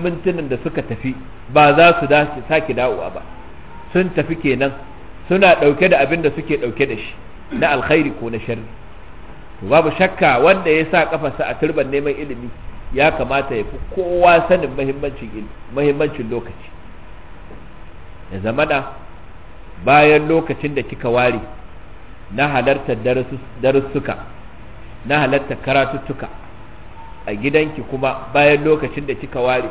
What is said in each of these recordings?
mintunan da suka tafi ba za su sake dawowa ba sun tafi kenan suna ɗauke da abin da suke ɗauke da shi na alkhairi ko na sharri babu shakka wanda ya sa kafarsa a turban neman ilimi ya kamata ya fi kowa sanin mahimmancin lokaci ya zamana bayan lokacin da kika ware na halartar darussuka na halartar karatuttuka a gidanki kuma bayan lokacin da kika ware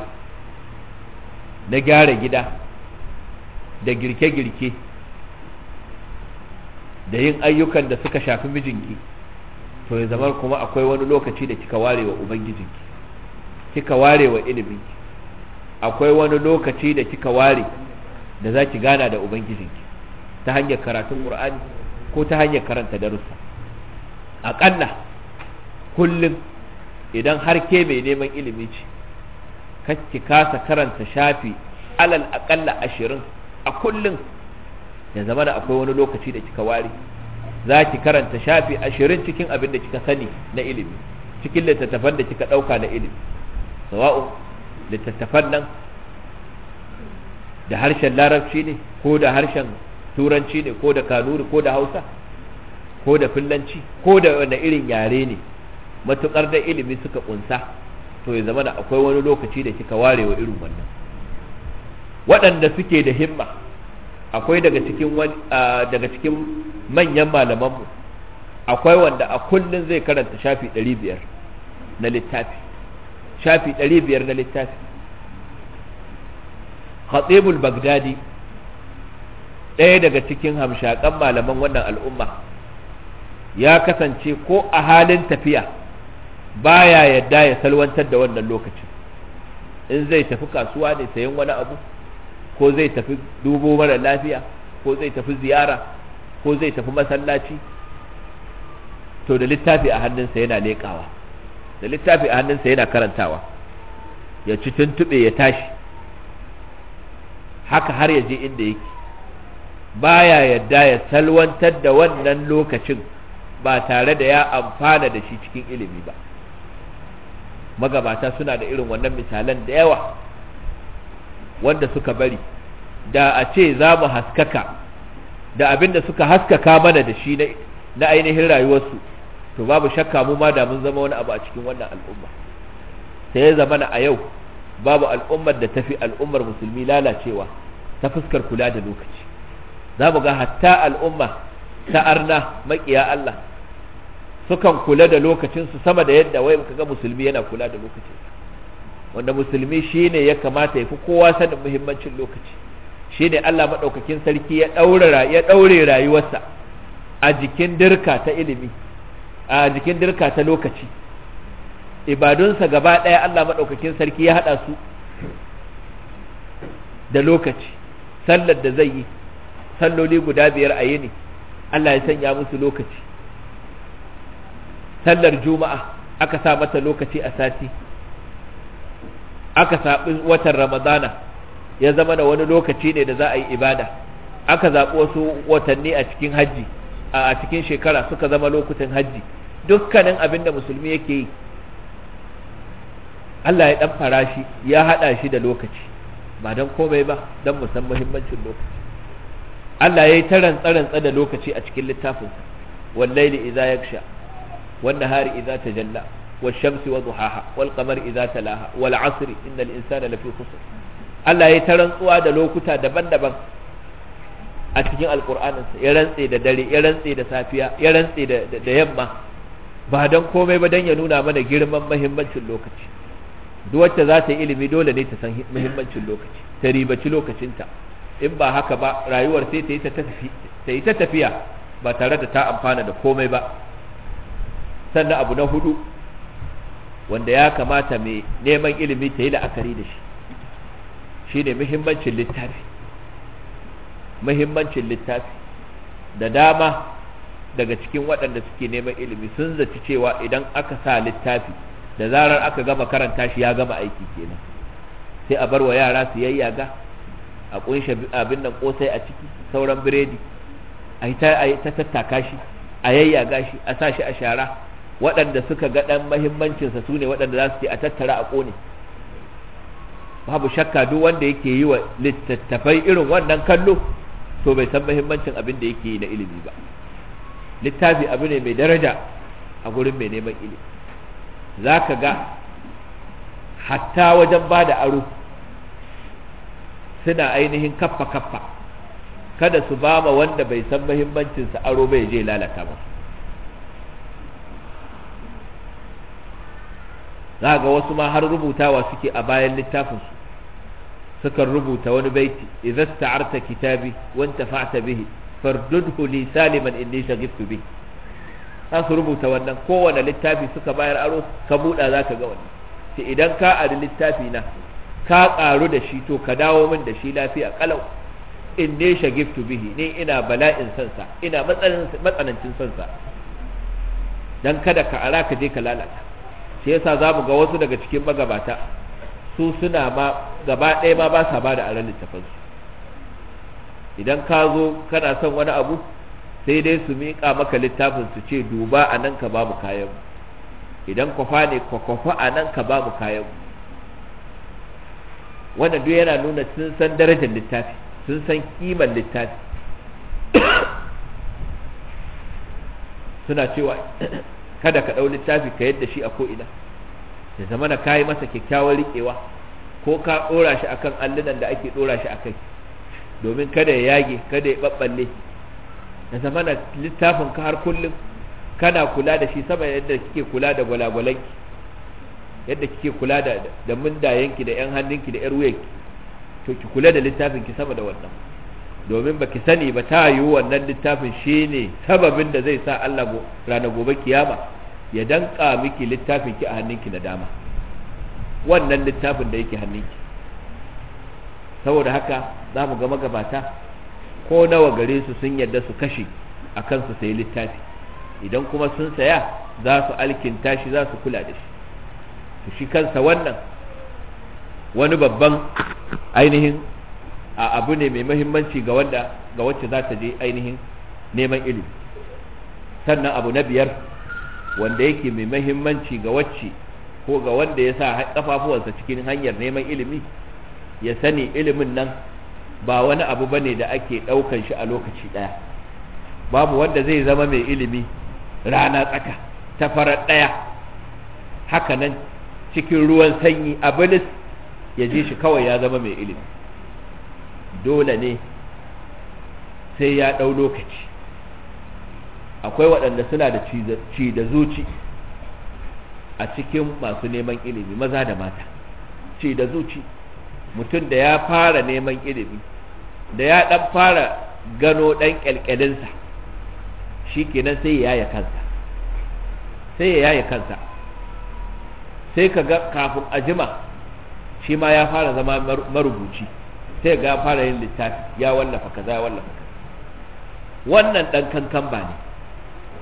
na gyara gida da girke-girke da yin ayyukan da suka shafi mijinki to ya zama kuma akwai wani lokaci da kika ware wa ubangijinki kika ware wa iliminki akwai wani lokaci da kika ware da za ki gana da ubangijinki ta hanyar karatun ƙur'ani ko ta hanyar karanta darussa aƙalla kullum idan har ke mai neman ilimi ce ki kasa karanta shafi alal akalla ashirin a kullum ya zama da akwai wani lokaci da kika ware za ki karanta shafi ashirin cikin abin da kika sani na ilimi cikin littattafan da kika ɗauka na ilimi sawa'u littattafan nan da harshen larabci ne ko da harshen turanci ne ko da kanuri ko da hausa ko da fillanci ko da wani irin yare ne matukar da ilimi suka kunsa to ya zama da akwai wani lokaci da kika ware wa irin wannan waɗanda suke da himma akwai daga cikin daga cikin manyan malamanmu akwai wanda a kullun zai karanta shafi 500 na littafi shafi 500 na littafi hatsibul bagdadi ɗaya daga cikin hamshakan malaman wannan al'umma ya kasance ko a halin tafiya baya yadda ya salwantar da wannan lokacin in zai tafi kasuwa ne sayan wani abu ko zai tafi dubo mara lafiya ko zai tafi ziyara ko zai tafi masallaci to da littafi a hannunsa yana leƙawa da littafi a hannunsa yana karantawa ya ci tuntuɓe ya tashi haka har ya je inda yake baya yadda ya salwantar da wannan lokacin ba tare da ya amfana da shi cikin ilimi ba magabata suna da irin wannan misalan da yawa wanda suka bari da a ce za mu haskaka da abin da suka haskaka mana da shi na ainihin rayuwarsu to babu shakka mu ma da mun zama wani abu a cikin wannan al'umma sai ya zama a yau babu al'ummar da tafi al'ummar musulmi lalacewa ta fuskar kula da lokaci za mu ga hatta al'umma ta arna maƙiya Allah sukan kula da lokacinsu sama da yadda wai kaga musulmi yana kula da lokacinsa wanda musulmi shine ya kamata ya fi kowa sanin muhimmancin lokaci shine Allah madaukakin sarki ya ɗaure ya daure rayuwarsa a jikin dirka ta ilimi a jikin dirka ta lokaci ibadunsa gaba daya Allah madaukakin sarki ya hada su da lokaci sallar da zai yi salloli guda biyar a yini Allah ya sanya musu lokaci sallar juma'a aka sa mata lokaci a sati aka saɓi watan ramadana ya zama da wani lokaci ne da za a yi ibada aka zaɓi wasu watanni a cikin hajji a cikin shekara suka zama lokutan hajji dukkanin abin da musulmi yake yi Allah ya ɗan fara shi ya haɗa shi da lokaci ba don komai ba don musan muhimmancin lokaci Allah ya yi ta rantsa da lokaci a cikin littafinsa wallaili idza yaksha wan nahari idza tajalla wash shamsi wa duhaha wal qamari idza talaha wal asri innal insana lafi khusr Allah ya ta rantsuwa da lokuta daban-daban a cikin alkur'aninsa ya rantse da dare ya rantse da safiya ya rantse da yamma ba don komai ba don ya nuna mana girman mahimmancin lokaci duk za ta yi ilimi dole ne ta san mahimmancin lokaci ta ribaci lokacinta in ba haka ba rayuwar sai ta yi ta tafiya ba tare da ta amfana da komai ba sannan abu na hudu wanda ya kamata mai neman ilimi ta yi la'akari da shi shi ne muhimmancin littafi muhimmancin littafi da dama daga cikin waɗanda suke neman ilimi sun zaci cewa idan aka sa littafi da zarar aka gama karanta shi ya gama aiki kenan sai a bar wa yara su yayyaga a kunshe abin nan kosai a ciki sauran biredi a ta tattaka shi a yayyaga shi a sa shi a shara waɗanda suka ga ɗan mahimmancinsa su ne waɗanda za su ce a tattara a ƙone babu shakka duk wanda yake yi wa littattafai irin wannan kallo to bai san mahimmancin abin da yake yi na ilimi ba littafi abu ne mai daraja a gurin mai neman ilimi za ka ga hatta wajen ba da aro suna ainihin kaffa kaffa kada su ba ma wanda bai san mahimmancinsa aro bai je lalata ba. za ga wasu ma har rubutawa suke a bayan littafin su sukan rubuta wani baiti idza sta'arta kitabi wa fata bihi fardudhu li saliman inni shagiftu bihi za su rubuta wannan kowane littafi suka bayar aro ka buɗa za ka ga wannan to idan ka ari littafi na ka ƙaru da shi to ka dawo min da shi lafiya kalau in shagiftu bihi ne ina bala'in sansa ina matsanancin sansa don kada ka ara ka je ka lalata shi yasa za mu ga wasu daga cikin magabata su suna ma gaba ɗaya ma ba sa ba da aran su idan ka zo kana son wani abu sai dai su miƙa maka littafin su ce duba a nan ka babu kayan idan kwafa ne kwakwafa a nan ka babu kayan wannan duk yana nuna sun san darajar littafi sun san kiman littafi suna cewa kada ka ɗau littafi ka yadda shi a ko'ina ya zama na kayi masa kyakkyawar riƙewa ko ka ɗora shi a kan allunan da ake ɗora shi a kai domin kada ya yage kada ya ɓaɓɓalle ya zama na littafin ka har kullum kana kula da shi sama yadda kike kula da gwalagwalanki yadda kike kula da da mundayenki da yan hannunki da yar wuyanki to ki kula da littafin ki sama da wannan domin baki sani ba ta yi wannan littafin shine sababin da zai sa Allah ranar gobe kiyama ya danka miki littafin ki a hannunki na dama wannan littafin da yake hannunki saboda haka za mu ga magabata ko nawa gare su sun yarda su kashe a kansu sayi littafi idan kuma sun saya za su alkinta shi za su kula da shi kashi shi kansa wannan wani babban ainihin a abu ne mai mahimmanci ga wanda ga wacce za ta je ainihin neman ilimi sannan abu na biyar wanda yake mai mahimmanci ga wacce ko ga wanda ya sa kafafuwansa cikin hanyar neman ilimi ya sani ilimin nan ba wani abu bane da ake ɗaukan shi a lokaci ɗaya babu wanda zai zama mai ilimi rana tsaka ta farar ɗaya haka nan cikin ruwan sanyi a ya ji shi kawai ya zama mai ilimi dole ne sai ya ɗau lokaci akwai waɗanda suna da ci da zuci a cikin masu neman ilimi maza da mata ci da zuci mutum da ya fara neman ilimi da ya ɗan fara gano ɗan ƙyalƙyalinsa shi kenan sai ya yaya kansa sai ya yaya kansa sai ka ga kafin a jima shi ma ya fara zama marubuci sai ga fara yin littafi ya wallafa kaza ya wallafa kaza wannan dan kankan ba ne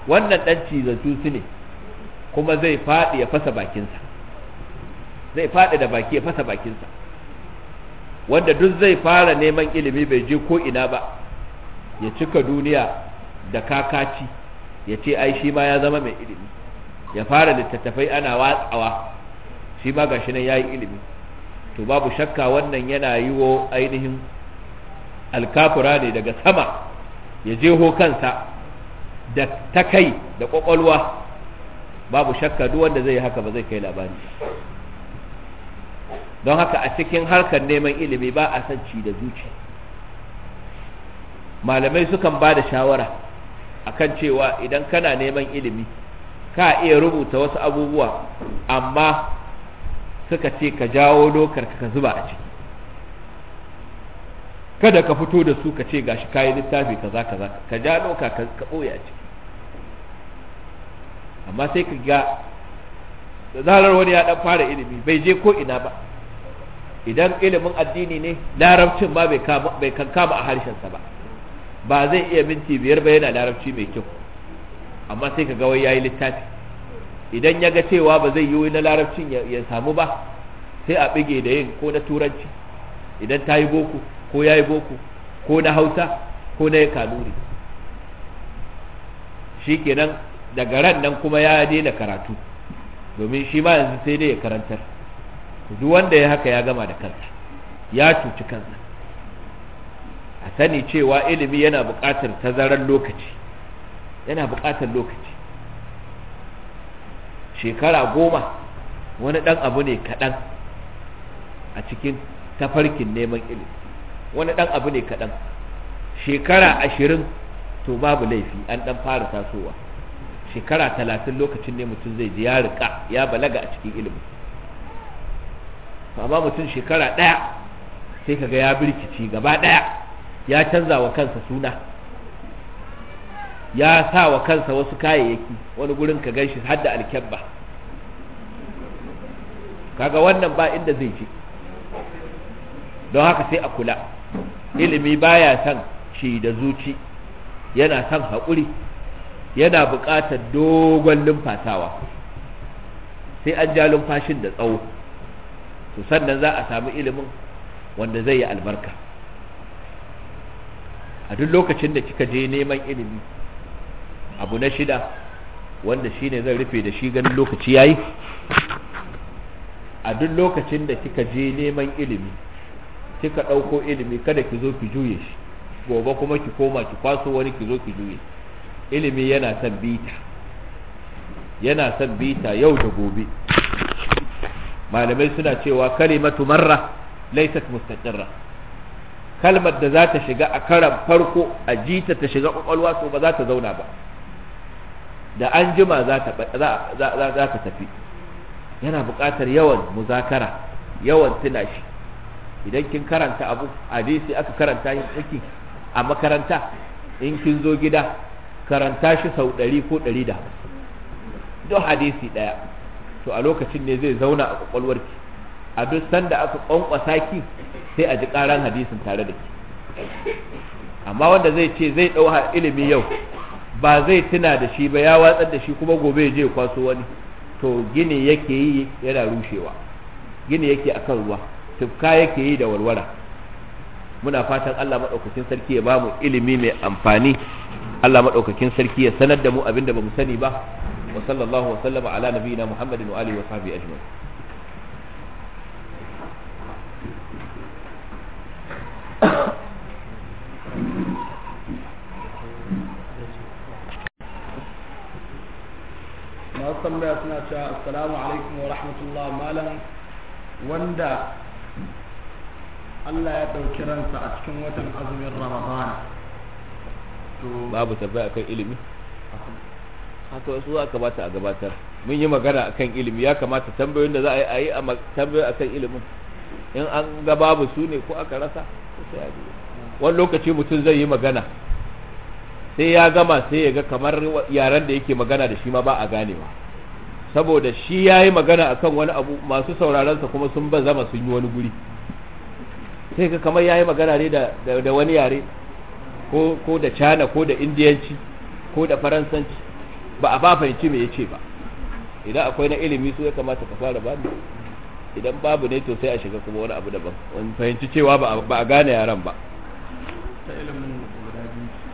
wannan dan cizatu su ne kuma zai faɗi ya fasa bakinsa zai faɗi da baki ya fasa bakinsa wanda duk zai fara neman ilimi bai je ko ina ba ya cika duniya da kakaci ya ce ai shi ma ya zama mai ilimi ya fara littattafai ana watsawa shi ma gashi nan yayi ilimi to babu shakka wannan yana yi wa ainihin alkafura ne daga sama ya jeho kansa da ta kai da kwakwalwa babu shakka duk wanda zai yi haka ba zai kai labari don haka a cikin harkar neman ilimi ba a san ci da zuci malamai sukan ba da shawara akan cewa idan kana neman ilimi ka iya rubuta wasu abubuwa amma suka ce ka jawo dokar ka zuba a ciki kada ka fito da su ka ce gashi kayi littafi kaza kaza ka ja doka ka ɓoye a ciki amma sai ka ga da zarar wani ya dan fara ilimi bai je ko ina ba idan ilimin addini ne larabcin ba bai kan kama a harshensa ba ba zai iya minti biyar ba yana larabci mai kyau amma sai ka ga wai yayi littafi idan ya ga cewa ba zai yi na larabcin ya samu ba sai a bige da yin ko na turanci idan ta yi boku ko ya yi boko ko na hausa ko na kanuri shi kenan daga ran nan kuma ya daina karatu domin shi ma yanzu sai dai ya karantar duk wanda ya haka ya gama da kansa ya cuci kansa a sani cewa ilimi yana buƙatar yana buƙatar lokaci shekara goma wani ɗan abu ne kaɗan a cikin tafarkin neman ilimi wani ɗan abu ne kaɗan shekara ashirin to babu laifi an ɗan fara tasowa shekara talatin lokacin ne mutum zai ji ya riƙa ya balaga a cikin ilimi amma mutum shekara ɗaya sai kaga ya birkici gaba ɗaya ya canza wa kansa suna ya sa wa kansa wasu kayayyaki wani gurin ka ganshi har da alkyabba kaga wannan ba inda zai je don haka sai a kula ilimi baya son shi da zuci yana son haƙuri yana buƙatar dogon lumfasawa sai an ja numfashin da tsawo to sannan za a samu ilimin wanda zai yi albarka a duk lokacin da kika je neman ilimi abu na shida wanda shi ne zan rufe da shi ganin lokaci ya yi, a duk lokacin da kika je neman ilimi kika ɗauko ilimi kada ki zo ki juye shi gobe kuma ki koma ki kwaso wani ki zo ki juye ilimi yana son bita yana son bita yau da gobe malamai suna cewa kalimatu marra laysat mustaqirra kalmar da za ta shiga a karan farko a jita ta shiga kwakwalwa so ba za ta zauna ba da an jima za ta tafi yana buƙatar yawan muzakara yawan tuna idan kin karanta abu a sai aka karanta yin tsaki a makaranta in kin zo gida karanta shi sau ɗari ko ɗari da don hadisi ɗaya to a lokacin ne zai zauna a ƙwaƙwalwarki a duk sanda aka ƙwanƙwasa ki sai a ji ƙaran hadisin tare da ki amma wanda zai ce zai ɗau ilimi yau ba zai tuna da shi ba ya watsar da shi kuma gobe je kwaso wani to gini yake yi yana rushewa gini yake akan ruwa tufka yake yi da walwara muna fatan Allah maɗaukakin sarki ya bamu ilimi mai amfani Allah maɗaukakin sarki ya sanar da mu abin da bamu sani ba wa sallallahu wa sallama ala nabiyina Muhammadin wa alihi wa sahbihi ajma'in ya suna cewa assalamu alaikum wa rahmatullah malam wanda Allah ya ɗauki ransa a cikin watan azumin Ramadan babu tambaya akan ilimi haka su a kamata a gabatar mun yi magana akan ilimi ya kamata tambayoyin da za a yi a yi tambayoyi akan ilimin in an ga babu su ne ko aka rasa wani lokaci mutum zai yi magana sai ya gama sai ya ga kamar yaren da yake magana da shi ma ba a ganewa saboda shi ya yi magana a kan wani abu masu saurarensa kuma sun ba zama sun yi wani guri sai ka kamar ya yi magana ne da wani yare ko da cana ko da indiyanci ko da faransanci ba a ba fahimci me ya ce ba idan akwai na ilimi su ya kamata ka fara ba idan babu ne to sai a shiga kuma wani abu daban fahimci cewa ba a gane yaran ba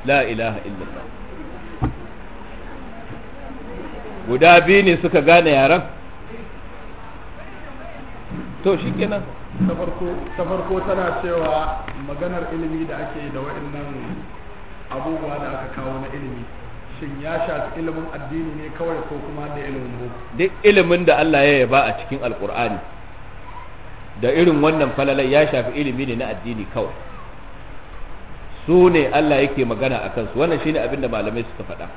la ilaha illallah guda biyu ne suka gane yaren to shi kenan ta farko tana cewa maganar ilimi da ake da waɗannan abubuwa da aka kawo na ilimi shin ya shafi ilimin addini ne kawai ko kuma da ilimin boko duk ilimin da Allah ya yaba a cikin alkur'ani da irin wannan falalai ya shafi ilimi ne na addini kawai su ne Allah yake magana a kansu wannan shine abin da malamai suka faɗa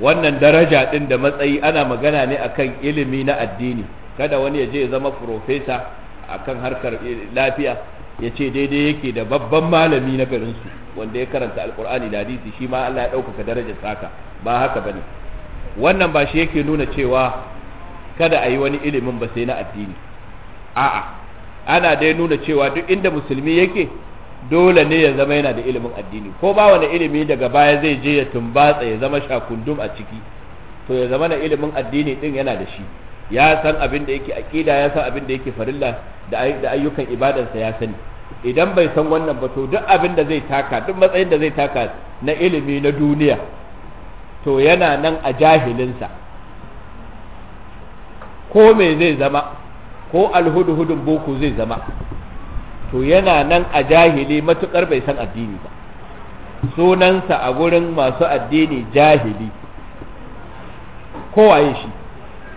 wannan daraja din da matsayi ana magana ne akan ilimi na addini kada wani ya je ya zama profesa akan harkar lafiya ya ce daidai yake da babban malami na garinsu wanda ya karanta alkur'ani da hadisi shi ma Allah ya ɗaukaka darajar saka ba haka bane wannan ba shi yake nuna cewa kada a yi wani ilimin ba sai na addini a'a ana dai nuna cewa duk inda musulmi yake dole ne ya zama yana da ilimin addini ko ba wani ilimi daga baya zai je ya tumbatsa ya zama shakundum a ciki to ya zama na ilimin addini din yana da shi ya san abin da yake aqida ya san abin da yake farilla da ayyukan ibadansa ya sani idan bai san wannan ba to duk abin da zai taka duk matsayin da zai taka na ilimi na duniya to yana nan a jahilinsa ko me zai zama ko alhudhudun boko zai zama to yana nan a jahili matuƙar bai san addini ba sunansa a gurin masu addini jahili kowaye shi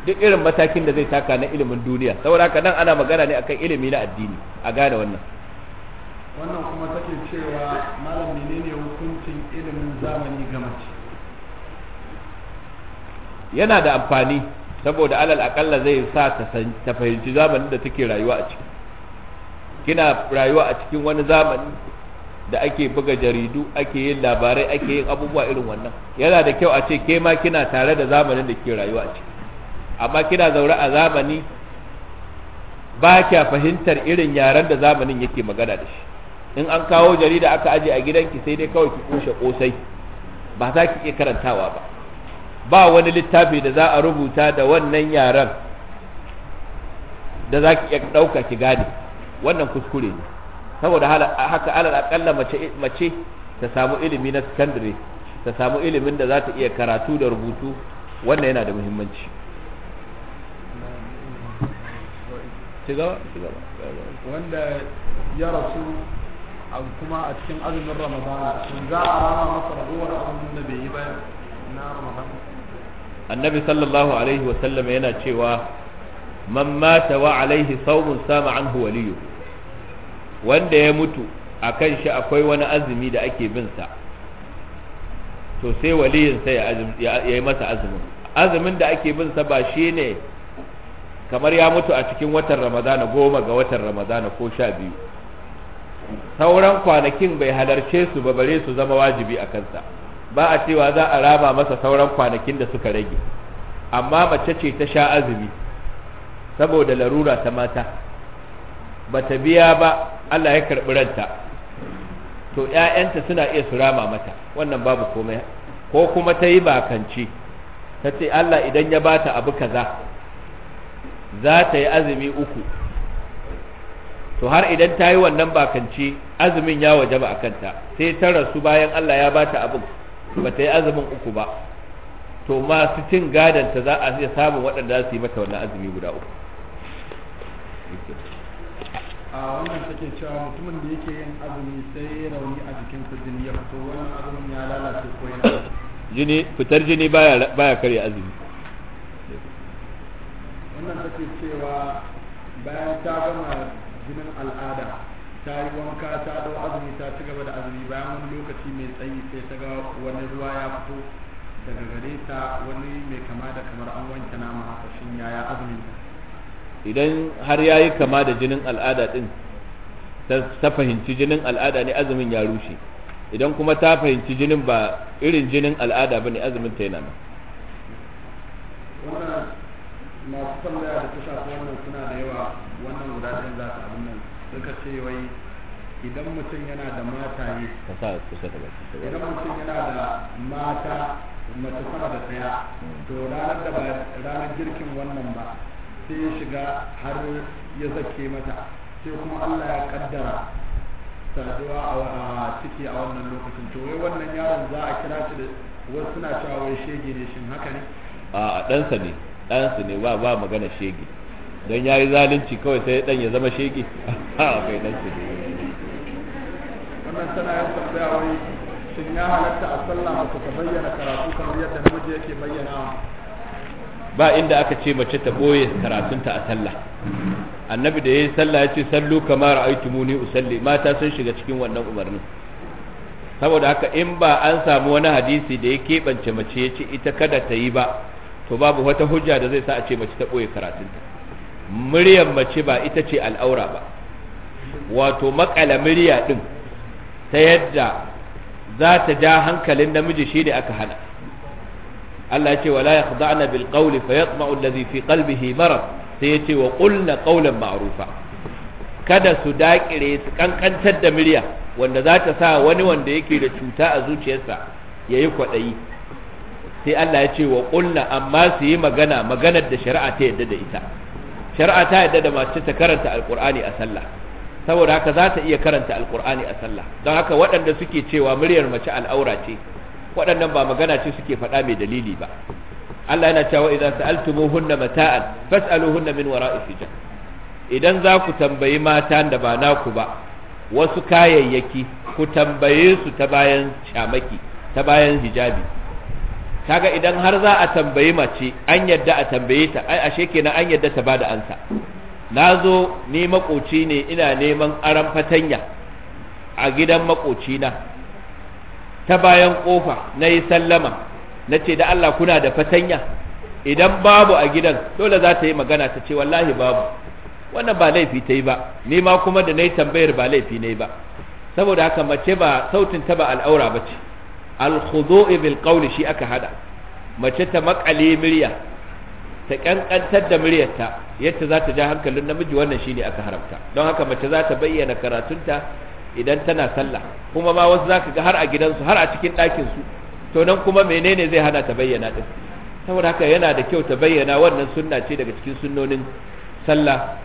duk irin matakin da zai taka na ilimin duniya saboda haka nan ana magana ne akan ilimi na addini a gane wannan wannan kuma take cewa malam menene hukuncin ilimin zamani ga mace yana da amfani saboda alal akalla zai sa ta fahimci zamanin da take rayuwa a ciki kina rayuwa a cikin wani zamani da ake buga jaridu ake yin labarai ake yin abubuwa irin wannan yana da kyau a ce ke ma kina tare da zamanin da ke rayuwa a ciki amma kina zaure a zamani ba kya fahimtar irin yaren da zamanin yake magana da shi in an kawo jarida aka aje a gidanki sai dai kawai ki kushe kosai ba za ki iya karantawa ba ba wani littafi da za a rubuta da wannan yaren da za ki iya ɗauka ki gane wannan kuskure ne saboda haka alal akalla mace mace ta samu ilimi na secondary ta samu ilimin da za ta iya karatu da rubutu wannan yana da muhimmanci wanda ya rasu kuma a cikin azumin ramadana za a rama masa raguwar abin da bai yi ba na ramadana annabi sallallahu alaihi wasallam yana cewa man mata wa alaihi saumun sama anhu waliyu wanda ya mutu a kan shi akwai wani azumi da ake bin sa to sai waliyin sai ya yi masa azumin azumin da ake bin sa ba shi ne kamar ya mutu a cikin watan ramadana goma ga watan ramadana ko sha biyu sauran kwanakin bai halarce su ba bare su zama wajibi a kansa ba a cewa za a raba masa sauran kwanakin da suka rage amma mace ce ta sha azumi saboda larura ta mata ba ta biya ba Allah ya karɓi ranta to ‘ya'yanta suna iya su rama mata wannan babu komai ko kuma ta yi bakanci ta ce Allah idan ya ba ta abu kaza za ta yi azumi uku to har idan ta yi wannan bakanci azumin ya waje ba a kanta sai ta rasu bayan Allah ya ba ta abu ba ta yi azumin uku ba to masu cin gadanta za a iya samun waɗanda za su yi mata wannan azumi guda uku a wannan take cewa mutumin da yake yin azumi sai rauni a jikinsa jini ya fito wannan azumin ya lalace ko yana jini fitar jini baya baya karya azumi wannan take cewa bayan ta gama jinin al'ada ta yi wanka ta dau azumi ta ci gaba da azumi bayan wani lokaci mai tsayi sai ta ga wani ruwa ya fito daga gare ta wani mai kama da kamar an wanke nama haka shin yaya azumin ta idan har ya yi kama da jinin al'ada ɗin ta fahimci jinin al'ada ne azumin ya rushe idan kuma ta fahimci jinin ba irin jinin al'ada ba ne azumin ta yana nan wannan masu tambaya da ta shafi wannan suna da yawa wannan guda ɗin za ta abin nan suka ce wai idan mutum yana da mataye idan mutum yana da mata mace sama da tsaya to ranar da ba ranar girkin wannan ba sai ya shiga har ya zake mata sai kuma Allah ya kaddara saduwa a ciki a wannan lokacin to wai wannan yaron za a kira shi da wasu suna cewa wai shege ne shin haka ne a ɗansa ne ɗansa ne ba ba magana shege dan yayi zalunci kawai sai dan ya zama shege kai dan shi wannan tana yin tambaya wai shin ya halatta a sallah ta bayyana karatu kamar yadda namiji yake bayyana ba inda aka ce mace ta boye karatunta a sallah annabi da yayi sallah ce sallu kamar aitumuni usalli mata sun shiga cikin wannan umarnin saboda haka in ba an samu wani hadisi da ya keɓance mace yace ita kada ta yi ba to babu wata hujja da zai sa a ce mace ta boye karatunta muryar mace ba ita ce al'aura ba wato makala murya din ta yadda za ta ja hankalin namiji shi ne aka hana Allah ya ce wala yakhda'na bil qawli fayatma'u alladhi fi qalbihi marad sai ya ce wa qulna qawlan ma'rufa kada su dakire su kankantar da murya wanda za ta sa wani wanda yake da cuta a zuciyarsa yayi kwadayi sai Allah ya ce wa qulna amma su yi magana maganar da shari'a ta yadda da ita shari'a ta yadda da mace ta karanta alqur'ani a sallah saboda haka za ta iya karanta alqur'ani a sallah don haka waɗanda suke cewa muryar mace al'aura ce waɗannan ba magana ce suke faɗa mai dalili ba Allah yana cewa idan sa'altumuhunna mata'an fas'aluhunna min wara'i hijab idan za ku tambayi mata da ba naku ba wasu kayayyaki ku tambaye su ta bayan shamaki ta bayan hijabi kaga idan har za a tambayi mace an yadda a tambaye ta ai ashe kenan an yadda ta bada ansa na zo ni makoci ne ina neman aran fatanya a gidan makocina ta bayan kofa na yi sallama na ce da Allah kuna da fatanya idan babu a gidan dole za ta yi magana ta ce wallahi babu wannan ba laifi ta yi ba ni ma kuma da na yi tambayar ba laifi ne ba saboda haka mace ba sautin ta ba al'aura ba ce al-khudu'i kauli shi aka hada mace ta makale murya ta kankantar da muryarta yadda za ta ja hankalin namiji wannan shine aka haramta don haka mace za ta bayyana karatunta idan tana sallah kuma ma wasu zaka ga har a gidansu har a cikin ɗakin su to nan kuma menene zai hana ta bayyana din saboda haka yana da kyau ta bayyana wannan sunna ce daga cikin sunnonin sallah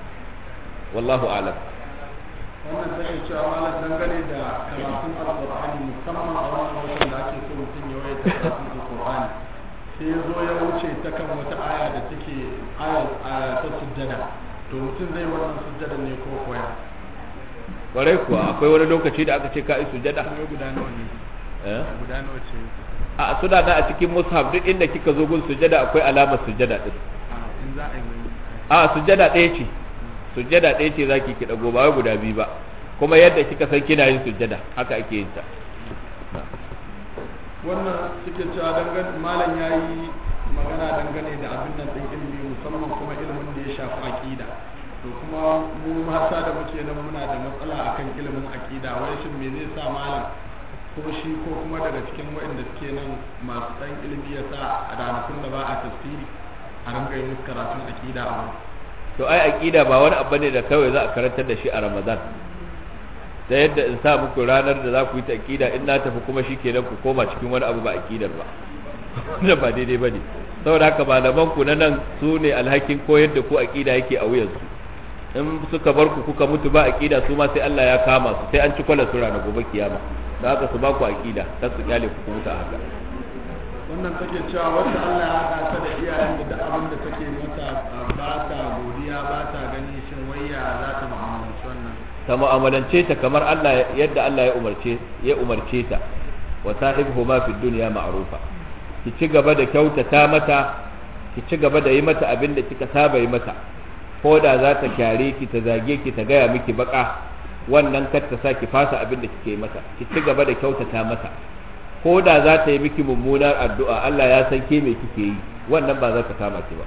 wallahu a'lam wannan sai cewa malam dangane da karatun alqur'ani musamman a wannan lokacin da ake so mutum ya waye karatun alqur'ani sai ya zo ya wuce ta kan wata aya da take aya ta sujjada to mutum zai wannan sujjada ne ko koya kwarai kuwa akwai wani lokaci da aka ce ka yi sujada eh? a suna na a cikin mushaf duk inda kika zo gun sujada akwai alamar sujada din a sujada ɗaya ce sujada ɗaya ce za ki dago ba guda biyu ba kuma yadda kika san kina yin sujada haka ake yin ta wannan suke cewa dangane malam yi magana dangane da abin nan ɗin ilimi musamman kuma ilimin da ya shafi aƙida. to kuma mu mata da muke nan muna da matsala akan ilimin aƙida wai shin me zai sa malam ko shi ko kuma daga cikin waɗanda suke nan masu ɗan ilimi ya sa a ranakun da ba a tafsiri a ranka yin karatun aƙida a wani to ai aƙida ba wani abu ne da kawai za a karantar da shi a ramadan da yadda in sa muku ranar da za ku yi ta aƙida in na tafi kuma shi kenan ku koma cikin wani abu ba aƙidar ba wannan ba daidai ba ne saboda haka malaman ku na nan su ne alhakin koyar da ku aƙida yake a wuyansu in suka bar ku kuka mutu ba aqida su ma sai Allah ya kama su sai an ci kwalar su ranar gobe kiyama da haka su ba ku aqida kar su kyale ku mutu a haka wannan take cewa wanda Allah ya haɗa da iyayen da abin da take mata ba ta godiya ba ta gani shin wayya za ta mu'amalance wannan ta mu'amalance ta kamar Allah yadda Allah ya umarce ya umarce ta wa sahibhuma fid dunya ma'rufa ki ci gaba da kyautata mata ki ci gaba da yi mata abin da kika saba yi mata ko da za ta kyare ki ta zage ki ta gaya miki baka wannan kar ta saki fasa abin da kike mata ki ci gaba da kyautata mata ko da za ta yi miki mummunar addu'a Allah ya san ke me kike yi wannan ba za ta kama ki ba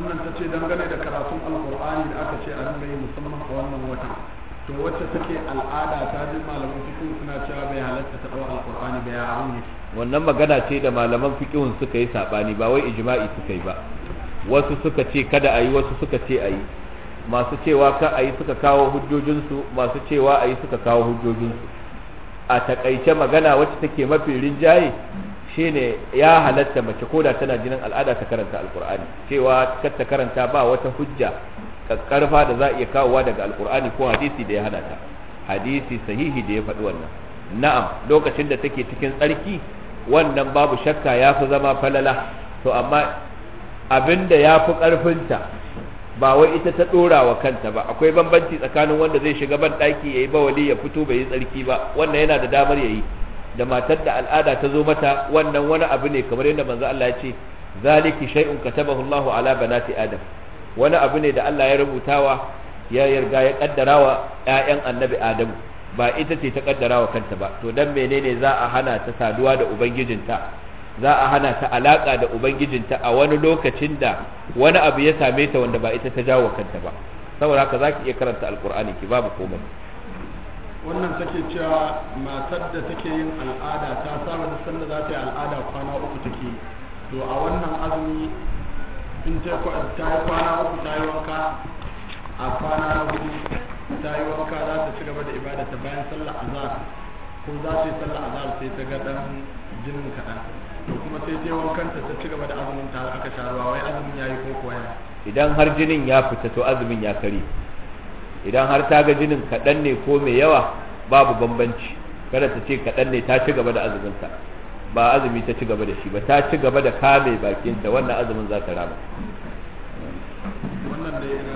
wannan ta ce dangane da karatun alqur'ani da aka ce a rinka yi musamman a wannan wata to wacce take al'ada ta ji malaman fiqh suna cewa bai halatta ta dawo alqur'ani bai abun ne wannan magana ce da malaman fiqh suka yi sabani ba wai ijma'i suka yi ba wasu suka ce kada a yi wasu suka ce a yi masu cewa ka a yi suka kawo hujjojinsu masu cewa a yi suka kawo hujjojinsu a takaice magana wacce take mafi rinjaye shine ya halatta mace ko koda tana jinin al'ada ta karanta alkur'ani cewa kar ta karanta ba wata hujja karfa da za a iya kawowa daga alkur'ani ko hadisi da ya hana ta hadisi sahihi da ya faɗi wannan na'am lokacin da take cikin tsarki wannan babu shakka ya fi zama falala to amma abinda ya fi karfinta ba wai ita ta ɗora wa kanta ba akwai bambanci tsakanin wanda zai shiga ban ɗaki ya yi bawali ya fito bai yi tsarki ba wannan yana da damar ya yi da matar da al'ada ta zo mata wannan wani abu ne kamar yadda manzo Allah ya ce zaliki shay'un katabahu Allahu ala banati adam wani abu ne da Allah ya rubutawa ya yarga ya kaddarawa ƴaƴan annabi adamu ba ita ce ta kaddarawa kanta ba to dan menene za a hana ta saduwa da ubangijinta za a hana ta alaka da ubangijinta a wani lokacin da wani abu ya same ta wanda ba ita ta jawo kanta ba saboda haka zaki iya karanta alkur'ani ki babu komai wannan take cewa matar da take yin al'ada ta saba da sanda za ta yi al'ada kwana uku take to a wannan azumi in ta yi kwana uku ta yi wanka a kwana na hudu ta yi wanka za ta ci gaba da ibada ta bayan sallar azhar ko za ta yi sallar azhar sai ta ga dan jinin kaɗan kuma sai je kanta ta ci gaba da azumin ta aka taruwa wai azumin yi ko kuwa idan har jinin ya fita to azumin ya kare idan har ta ga jinin kaɗan ne ko mai yawa babu bambanci kada ta ce kaɗan ne ta ci gaba da azuminta ba azumi ta ci gaba da shi ba ta ci gaba da kame bakinta wannan azumin za ta rama wannan da